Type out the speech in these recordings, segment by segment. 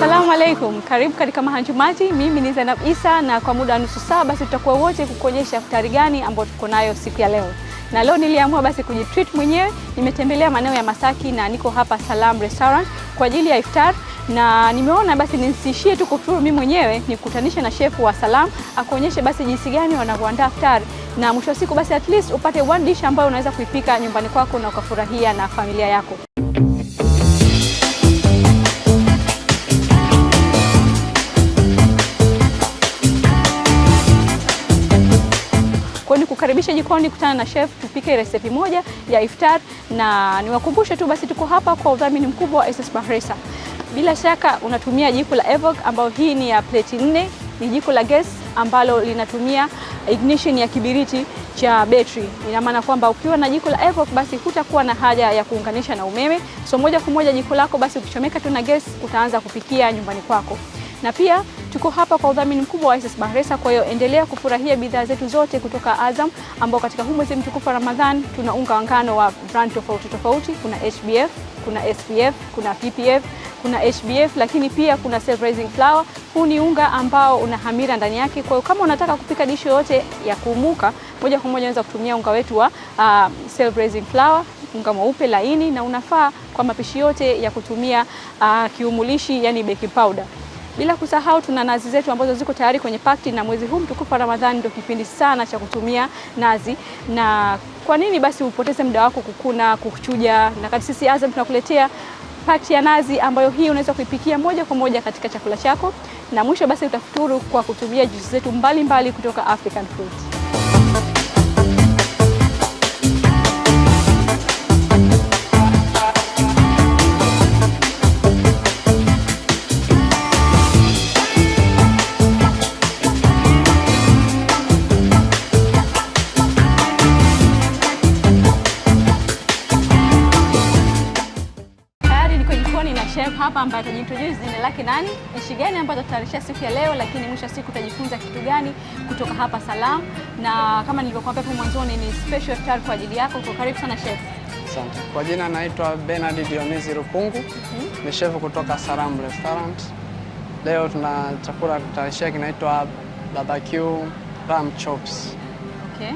Salamu alaikum, karibu katika Mahanjumati. Mimi ni Zainab Isa na kwa muda wa nusu saa basi tutakuwa wote kukuonyesha futari gani ambayo tuko nayo siku ya leo, na leo niliamua basi kujitreat mwenyewe. Nimetembelea maeneo ya Masaki na niko hapa Salam Restaurant kwa ajili ya iftar na nimeona basi nisishie tu kufuturu mimi mwenyewe, nikutanishe na shefu wa Salam akuonyeshe basi jinsi gani wanavyoandaa iftar na mwisho wa siku basi at least upate one dish ambayo unaweza kuipika nyumbani kwako na ukafurahia na familia yako. Kukaribisha jikoni, kutana na chef tupike resepi moja ya iftar, na niwakumbushe tu basi, tuko hapa kwa udhamini mkubwa wa SS Bakhresa. Bila shaka unatumia jiko la Evoque, ambayo hii ni ya plate 4, ni jiko la gas ambalo linatumia ignition ya kibiriti cha betri. Ina maana kwamba ukiwa na jiko la Evoque basi hutakuwa na haja ya kuunganisha na umeme, so moja kwa moja jiko lako basi ukichomeka tu na gesi utaanza kupikia nyumbani kwako na pia Tuko hapa kwa udhamini mkubwa wa SS Bakhresa, kwa hiyo endelea kufurahia bidhaa zetu zote kutoka Azam, ambao katika huu mwezi mtukufu wa Ramadhan tuna unga ngano wa brand tofauti tofauti. Kuna HBF, kuna SPF, kuna PPF, kuna HBF, lakini pia kuna self raising flour. Huu ni unga ambao una hamira ndani yake, kwa hiyo kama unataka kupika dishi yoyote ya kuumuka, moja kwa moja unaweza kutumia unga wetu wa uh, self raising flour unga mweupe laini na unafaa kwa mapishi yote ya kutumia uh, kiumulishi yani baking powder. Bila kusahau tuna nazi zetu ambazo ziko tayari kwenye pakti, na mwezi huu mtukufu wa Ramadhani ndio kipindi sana cha kutumia nazi. Na kwa nini basi upoteze muda wako kukuna, kuchuja? Na kati sisi Azam tunakuletea pakti ya nazi ambayo hii unaweza kuipikia moja kwa moja katika chakula chako, na mwisho basi utafuturu kwa kutumia juisi zetu mbalimbali kutoka African Fruit. Jintroduce jina lake nani, nchi gani ambazo tutatayarisha siku ya leo, lakini mwisho wa siku tutajifunza kitu gani kutoka hapa Salaam, na kama nilivyokuambia hapo mwanzoni ni special star kwa ajili yako. Kwa karibu sana chef. Asante. Kwa jina naitwa Bernard Dionisi Rupungu. Mm-hmm. Ni chef kutoka Salaam Restaurant. Leo tuna chakula tutayarishia kinaitwa barbecue ram chops. Okay.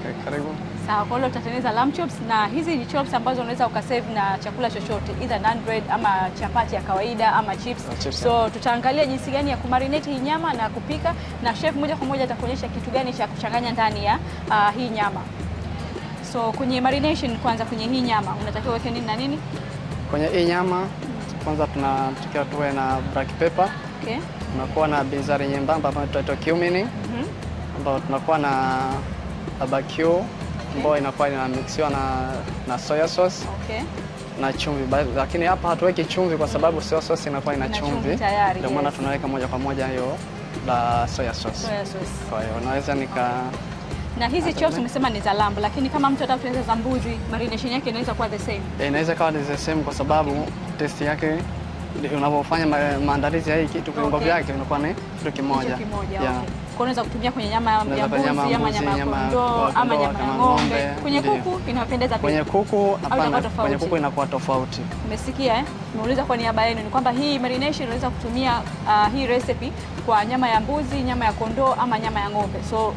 Okay, karibu. Sawa, ah, kwa hiyo tutatengeneza lamb chops na hizi ni chops ambazo unaweza ukasave na chakula chochote, either naan bread ama chapati ya kawaida ama chips. Ah, so tutaangalia jinsi gani ya kumarinate hii nyama na kupika, na chef moja kwa moja atakuonyesha kitu gani cha kuchanganya ndani ya uh, hii nyama. So kwenye marination kwanza, kwenye hii nyama unatakiwa uweke nini na nini? Kwenye hii nyama kwanza tunatakiwa tuwe na black pepper. Okay. Tunakuwa na bizari nyembamba ambayo tunaitwa cumin. Mhm. Mm ambayo tunakuwa na barbecue ambayo inakuwa inamixiwa na, na soya sauce okay na chumvi lakini hapa hatuweki chumvi kwa sababu soya sauce inakuwa ina chumvi, ndio maana yes. tunaweka moja kwa moja hiyo la soya sauce. Kwa hiyo naweza nika na hizi chops umesema ni za lamb, lakini kama mtu anataka za mbuzi, marination yake inaweza kuwa the same. Eh, inaweza kuwa the same kwa sababu okay. taste yake ndio unavyofanya maandalizi ya hii kitu, viungo vyake unakuwa ni kitu kimoja. Unaweza kutumia kwenye nyama ya mbuzi, nyama ya kondoo ama nyama ya ng'ombe. Kwenye kuku inapendeza pia. Kwenye kuku hapana, kwenye kuku inakuwa tofauti. Umesikia eh? Nimeuliza kwa niaba yenu ni kwamba hii marination unaweza kutumia uh, hii recipe kwa nyama ya mbuzi, nyama ya kondoo ama nyama ya ng'ombe. So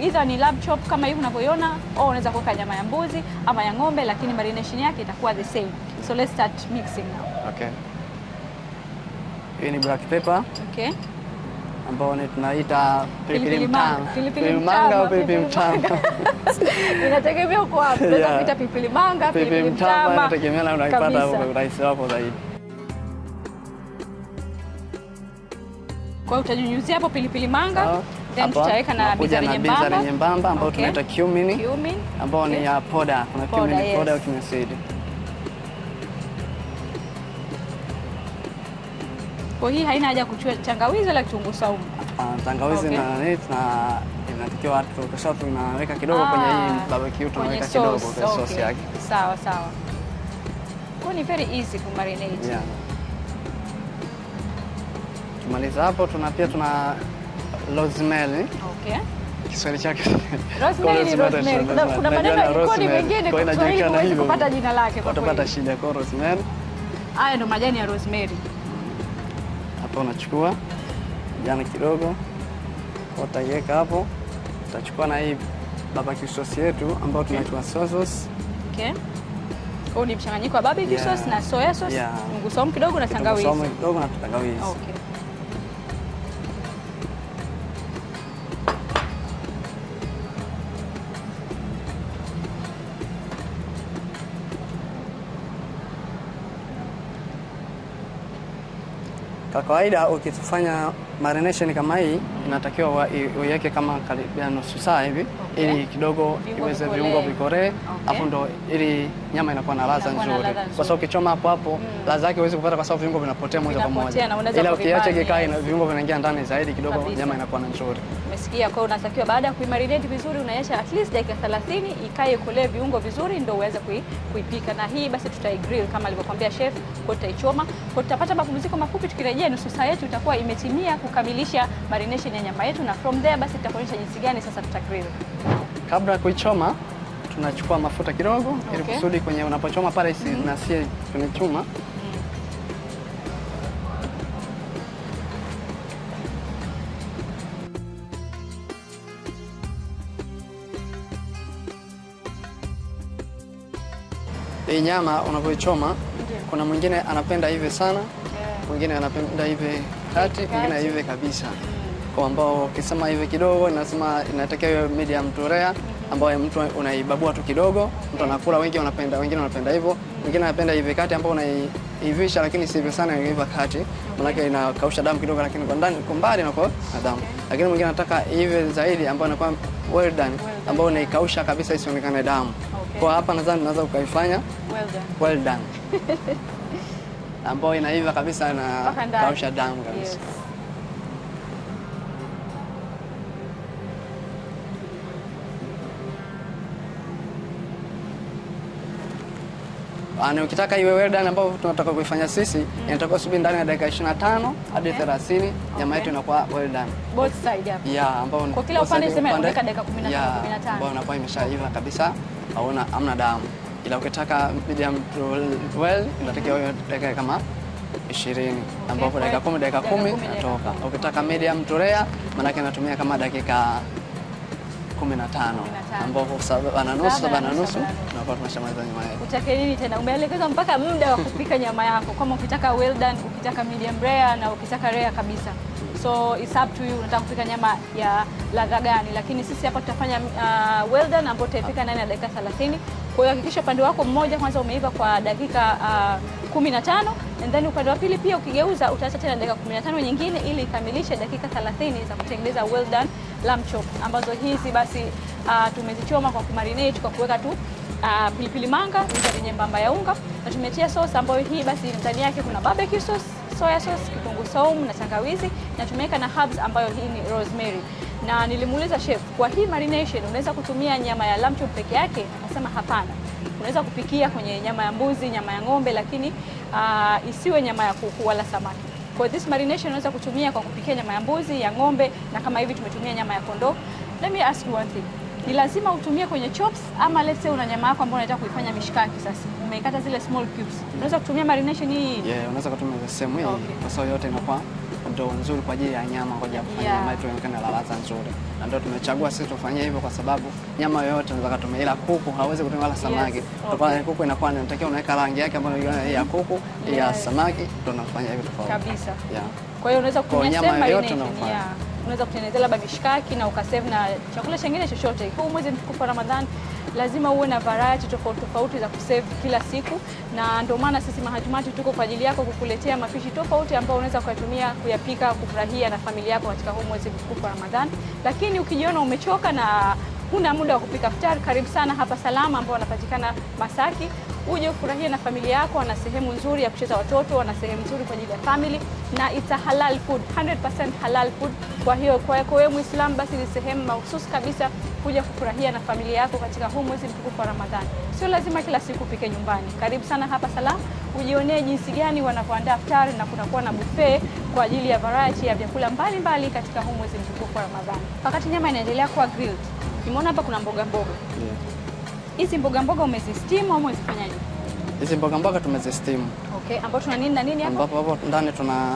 either ni lab chop kama hivi unavyoiona au unaweza kuweka nyama ya mbuzi ama ya ng'ombe, lakini marination yake itakuwa the same. So let's start mixing now. Okay. Hii ni black pepper. Okay. Ambao ni tunaita pilipili mtama. Pilipili manga au pilipili mtama. Inategemea uko wapi. Unaweza kuita pilipili manga, pilipili mtama. Inategemea na unaipata hapo kwa urahisi wapo zaidi. Kwa utajunyuzia hapo pilipili manga. Then tutaweka na bizari nyembamba ambao tunaita cumin ambao ni ya poda. Kuna cumin poda au cumin seed. kwa hii haina haja kuchua tangawizi wala kitunguu saumu. Uh, tangawizi okay. na nini tuna inatakiwa tukisha tunaweka kidogo ah, kwenye hii barbecue tunaweka kidogo kwa sauce okay. yake. Sawa sawa. Kwa ni very easy to marinate. Yeah. Tumaliza hapo tuna pia tuna rosemary. Okay. Kiswahili chake kuna maneno mengine kwa Kiswahili kupata jina lake kwa kweli. Utapata shida kwa rosemary. Haya ndo majani ya rosemary hapa unachukua jana kidogo, utaiweka hapo. Utachukua na hii barbecue sauce yetu ambayo tunaitwa soy sauce. Okay. Huu ni mchanganyiko wa barbecue sauce na soya sauce, ngusomu kidogo na tangawizi. Ngusomu kidogo na tangawizi. Okay. Kwa kawaida ukifanya marination kama hii inatakiwa uiweke kama karibia nusu saa hivi okay. ili kidogo iweze viungo vikoree okay. Hapo ndo ili nyama inakuwa na ladha nzuri, kwa sababu ukichoma hapo hapo mm. ladha yake huwezi kupata, kwa sababu viungo vinapotea moja kwa moja, ila ukiacha kikae na viungo vinaingia ndani zaidi kidogo Kabisa. nyama inakuwa na nzuri. Umesikia? Kwa hiyo unatakiwa baada ya kuimarinate vizuri unaacha at least dakika 30 ikae ikolee viungo vizuri ndio uweze kui, kuipika na hii basi grill kama alivyokuambia chef, kwa tutaichoma, kwa tutapata mapumziko mafupi, tukirejea nusu saa yetu itakuwa imetimia kukamilisha marination tutachanganya nyama yetu na from there basi tutakuonyesha jinsi gani sasa tutagrill. Kabla ya kuichoma tunachukua mafuta kidogo okay, ili kusudi kwenye unapochoma pale isi mm -hmm. nasie kwenye chuma Hii nyama unapoichoma yeah, kuna mwingine anapenda hivi sana, yeah, mwingine anapenda hivi kati, mwingine hivi kabisa ambao ukisema hivi kidogo inasema inatakiwa hiyo medium to rare ambayo mtu unaibabua tu kidogo, mtu anakula. Wengi wanapenda, wengine wanapenda hivyo, wengine wanapenda hivi kati ambao unaivisha, lakini sivyo hivyo sana, hivi kati maanake inakausha damu kidogo, lakini kwa ndani kwa mbali na kwa damu. Lakini mwingine anataka hivi zaidi, ambao inakuwa well done, ambao unaikausha kabisa isionekane damu. Kwa hapa nadhani naweza ukaifanya well done, well done. ambayo inaiva kabisa na kausha damu kabisa. Ani ah, ukitaka iwe well done ambayo tunataka kuifanya sisi inatakiwa subiri ndani ya dakika 25 hadi 30 eh? nyama yetu inakuwa well done. Both side hapo. Yeah, ambayo kwa kila upande sema unaweka dakika 15 yeah, 15. Ambayo inakuwa imeshaiva kabisa, hauna amna damu. Ila ukitaka medium to well inatakiwa iwe dakika kama 20 ambapo dakika 10 dakika 10 inatoka. Ukitaka medium to rare maana yake inatumia kama dakika 15 ambao bana nusu bana nusu tunakuwa tunashamaliza nyama yetu. Utake nini tena? Umeelekeza mpaka muda wa kupika nyama yako, kama ukitaka well done, ukitaka medium rare na ukitaka rare kabisa. So it's up to you, unataka kupika nyama ya ladha gani, lakini sisi hapa tutafanya uh, well done ambayo tutaipika ndani ya dakika 30. Kwa hiyo hakikisha upande wako mmoja kwanza umeiva kwa dakika uh, 15 and then upande wa pili pia ukigeuza utaacha tena dakika 15 nyingine ili ikamilishe dakika 30 za kutengeneza well done lamb chop, ambazo hizi basi uh, tumezichoma kwa kumarinate kwa kuweka tu uh, pilipili manga mizari nyembamba ya unga na tumetia sauce ambayo hii basi ndani yake kuna barbecue sauce, soya sauce, kitunguu saumu na tangawizi na tumeweka na herbs ambayo hii ni rosemary. Na nilimuuliza chef, kwa hii marination unaweza kutumia nyama ya lamb chop peke yake? Akasema hapana, unaweza kupikia kwenye nyama ya mbuzi, nyama ya ng'ombe, lakini uh, isiwe nyama ya kuku wala samaki. Kwa this marination unaweza kutumia kwa kupikia nyama ya mbuzi, ya ng'ombe na kama hivi tumetumia nyama ya kondoo. Let me ask you one thing. Ni lazima utumie kwenye chops ama let's say una nyama yako ambayo unataka kuifanya mishikaki sasa. Umeikata zile small cubes. Unaweza kutumia marination hii. Yeah, unaweza kutumia the same way. Okay. Kwa sababu yote inakuwa ndo nzuri kwa ajili ya nyama, kwa ajili ya kufanya yeah. nyama yetu ionekane ladha nzuri, na ndio tumechagua sisi tufanye hivyo, kwa sababu nyama yoyote unaweza kutumia, ila kuku hawezi kutumia la samaki. Yes, okay. kuku inakuwa inatakiwa unaweka rangi yake ambayo ni ya kuku ya samaki, ndio tunafanya hivyo tofauti kabisa. Yeah. Kwa hiyo unaweza kutumia nyama yoyote unafanya unaweza kutengeneza labda mishikaki na ukasave na chakula chingine chochote. Huu mwezi mtukufu wa Ramadhani lazima uwe na variety tofauti tofauti za kuserve kila siku, na ndio maana sisi mahatimati tuko kwa ajili yako kukuletea mapishi tofauti ambayo unaweza kuyatumia kuyapika, kufurahia na familia yako katika huu mwezi mtukufu wa Ramadhani. Lakini ukijiona umechoka na huna muda wa kupika iftari, karibu sana hapa Salama ambao wanapatikana Masaki uje ufurahie na familia yako. Wana sehemu nzuri ya kucheza watoto, wana sehemu nzuri kwa ajili ya family na a halal food, 100% halal food. Kwa hiyo yako wewe Muislamu, basi ni sehemu mahususi kabisa kuja kufurahia na familia yako katika huu mwezi mtukufu wa Ramadhani. Sio lazima kila siku upike nyumbani. Karibu sana hapa Salam ujionee jinsi gani wanavyoandaa iftari na kunakuwa na buffet kwa ajili ya variety ya vyakula mbalimbali katika huu mwezi mtukufu wa Ramadhani. Wakati nyama inaendelea kuwa grilled, nimeona hapa kuna mboga mboga, yeah. Hizi mboga mboga umezistimu au umezifanyaje? Hizi mboga mboga tumezistimu. Okay, ambapo tuna nini na nini hapo? Ambapo hapo ndani tuna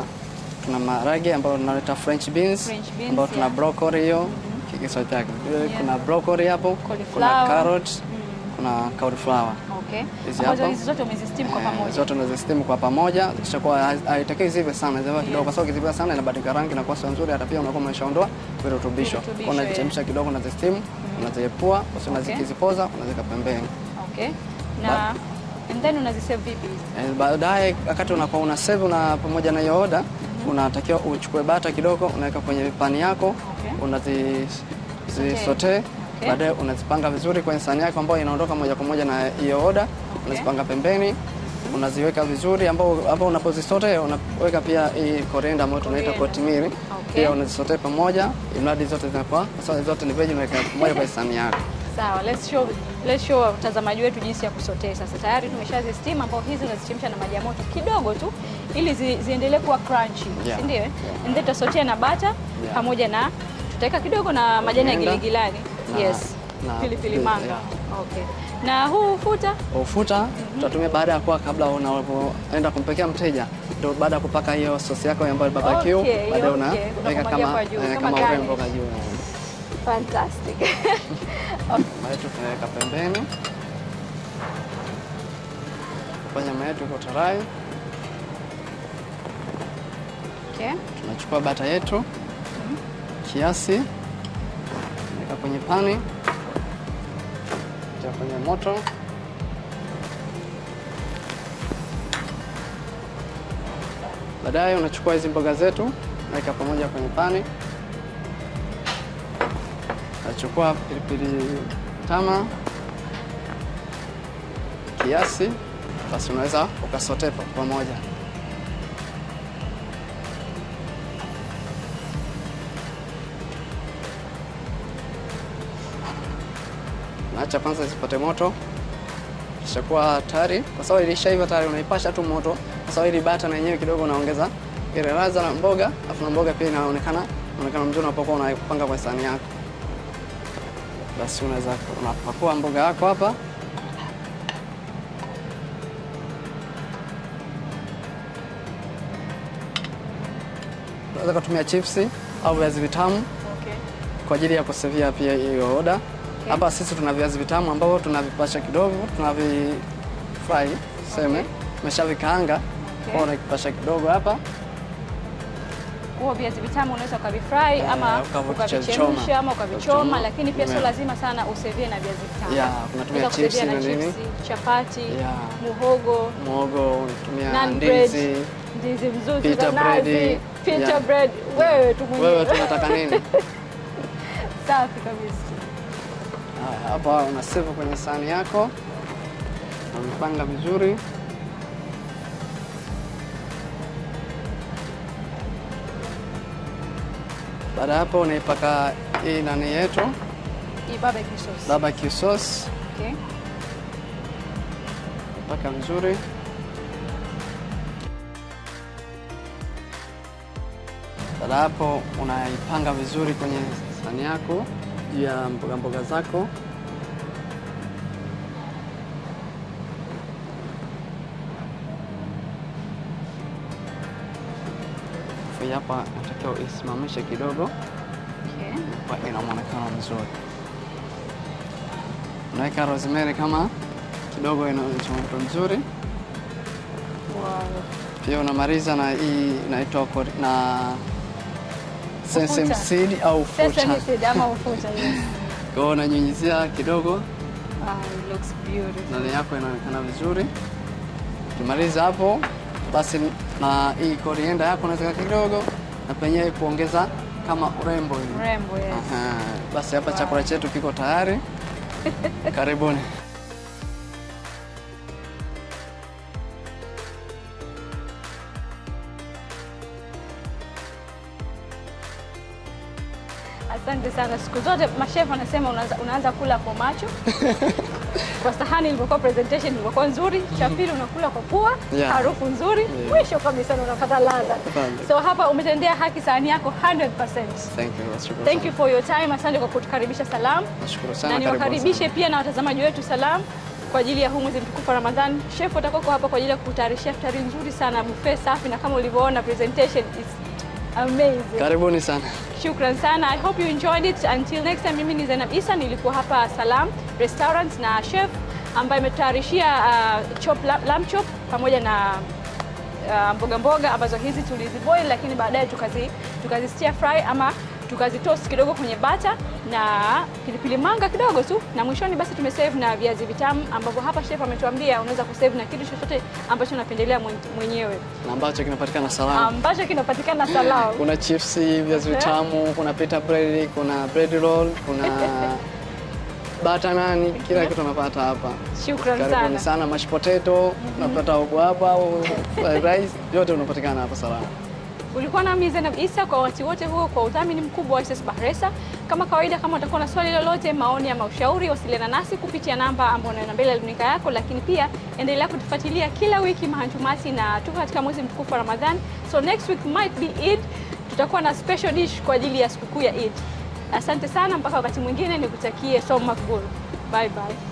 tuna maharage ambayo tunaleta French beans, French beans ambayo tuna yeah. broccoli hiyo mm mm-hmm. -hmm. kiso chake. Yeah. Kuna broccoli hapo, kuna carrot, mm. kuna cauliflower. Okay. Hizi hapo. Hizi zote umezisteam eh, kwa pamoja. Zote unazisteam kwa pamoja. Kisha kwa haitakiwi zive sana, zive kidogo kwa sababu kizive sana inabadilika rangi na kuwa sio nzuri hata pia unakuwa umeshaondoa virutubisho. Kwa unachemsha kidogo na zisteam unaziepua, basi unazikizipoza okay. Unaweka pembeni okay. Na and then unazisave vipi? Eh, baadaye wakati unakuwa una save una pamoja na hiyo oda mm -hmm. Unatakiwa uchukue bata kidogo unaweka kwenye pani yako okay. Unazisote okay. Baadaye unazipanga vizuri kwenye sahani yako ambayo inaondoka moja kwa moja na hiyo oda okay. Unazipanga pembeni unaziweka vizuri, ambao unapozisotea unaweka pia hii korenda ambayo tunaita kotimiri okay. Pia unazisotea pamoja, mradi zote zinakuwa sasa, zote ni veji, unaweka pamoja kwa sahani yako. Sawa, let's show let's show watazamaji wetu jinsi ya kusotea. Sasa tayari tumeshazi steam, ambao hizi unazichemsha na maji ya moto kidogo tu ili zi, ziendelee kuwa crunchy, si ndio? Eh? Yeah. And then tutasotea na bata pamoja na tutaweka kidogo na majani ya giligilani yes, pilipili manga yeah. okay na huu ufuta ufuta tutatumia mm -hmm. baada ya kuwa kabla unaenda kumpekea mteja, ndio baada ya kupaka hiyo sosi yako ambayo barbecue, okay, baadaye unaweka okay. Eh, kama kama urembo kwa juu. Fantastic. Mayetu tunaweka pembeni, kwa nyama yetu iko Okay. Tunachukua bata yetu mm -hmm. kiasi, tunaweka kwenye pani kutia kwenye moto. Baadaye unachukua hizi mboga zetu, naweka pamoja kwenye pani. Nachukua pilipili tama kiasi, basi unaweza ukasotepa pamoja. cha kwanza zipate moto ishakuwa tayari, kwa sababu ilishaiva tayari, unaipasha tu moto. kwa sababu ile bata na yenyewe kidogo unaongeza ile ladha na mboga, afu na mboga pia inaonekana inaonekana mzuri unapokuwa unaipanga kwa sahani yako. Basi unaweza unapakua mboga yako hapa unaweza kutumia chipsi au viazi vitamu okay, kwa ajili ya kusevia pia hiyo oda. Hapa sisi tuna viazi vitamu ambavyo tunavipasha kidogo, tunavifry seme, tumeshavikaanga okay. okay. kwa Unakipasha kidogo hapa huo viazi vitamu unaweza ukavifry yeah, ama ukavichemsha ama ukavichoma, lakini pia sio lazima sana usevie na viazi vitamu yeah, unatumia chips na nini, chapati yeah, muhogo muhogo, unatumia ndizi ndizi mzuri, pita bread pita bread. Wewe tu mwenyewe, wewe tunataka nini? Safi kabisa ambao unasevu kwenye sahani yako, unapanga vizuri. Baada hapo unaipaka hii nani yetu barbecue sauce, Paka vizuri baada hapo unaipanga vizuri kwenye sahani yako juu ya mboga mboga zako. hii hapa natakiwa isimamishe kidogo okay. Ina mwonekano mzuri, Unaweka rosemary kama kidogo, ina mchanganyiko mzuri wow. Pia unamaliza na hii inaitwa na sesame seed au ufuta kwao, unanyunyizia kidogo ah, looks beautiful. ndani yako, inaonekana vizuri. Ukimaliza hapo basi na hii korienda yako unaweza kidogo na penyewe kuongeza kama urembo hivi. Urembo, yes. Aha. Basi hapa wow. Chakula chetu kiko tayari karibuni. Asante sana. Siku zote mashefu anasema unaanza kula kwa macho kwa sahani ilivyokuwa presentation ilivyokuwa nzuri, cha mhm. pili unakula kwa pua yeah. harufu nzuri yeah. mwisho kabisa unapata ladha. So hapa umetendea haki sahani yako 100%. Thank you. Thank you for your time. Asante kwa kutukaribisha Salam, na niwakaribishe pia na watazamaji wetu Salam kwa ajili ya huu mwezi mtukufu wa Ramadhani. Chef atakako hapa kwa ajili ya kutayarishia iftari nzuri sana, buffet safi, na kama ulivyoona presentation is amazing. Karibuni sana. Shukran sana. I hope you enjoyed it. Until next time, mimi ni Zainab Isa, nilikuwa hapa Salam Restaurant na chef ambaye ametutayarishia uh, chop lamb chop pamoja na uh, mboga mboga ambazo hizi tuliziboil, lakini baadaye tukazi tukazi stir fry ama tukazitoast kidogo kwenye bata na pilipili manga kidogo tu, na mwishoni basi tumesave na viazi vitamu, ambavyo hapa chef ametuambia unaweza kusave na kitu chochote ambacho unapendelea mwenyewe na ambacho kinapatikana salama, ambacho kinapatikana salama. Kuna chips, viazi vitamu, kuna pita bread, kuna bread roll, kuna bata nani, kila kitu unapata hapa. Shukrani sana sana. Mash potato mhm. unapata huko hapa rice, yote unapatikana hapa salama. Ulikuwa nami Zainab Isa kwa wakati wote huo kwa udhamini mkubwa wa SS Bahresa. Kama kawaida, kama utakuwa na swali lolote, maoni ama ushauri, wasiliana nasi kupitia namba ambayo unaona mbele ya runinga yako, lakini pia endelea kutufuatilia kila wiki mahanjumati, na tuko katika mwezi mtukufu wa Ramadhan, so next week might be Eid. Tutakuwa na special dish kwa ajili ya sikukuu ya Eid. Asante sana, mpaka wakati mwingine, nikutakie som makbul. Bye bye.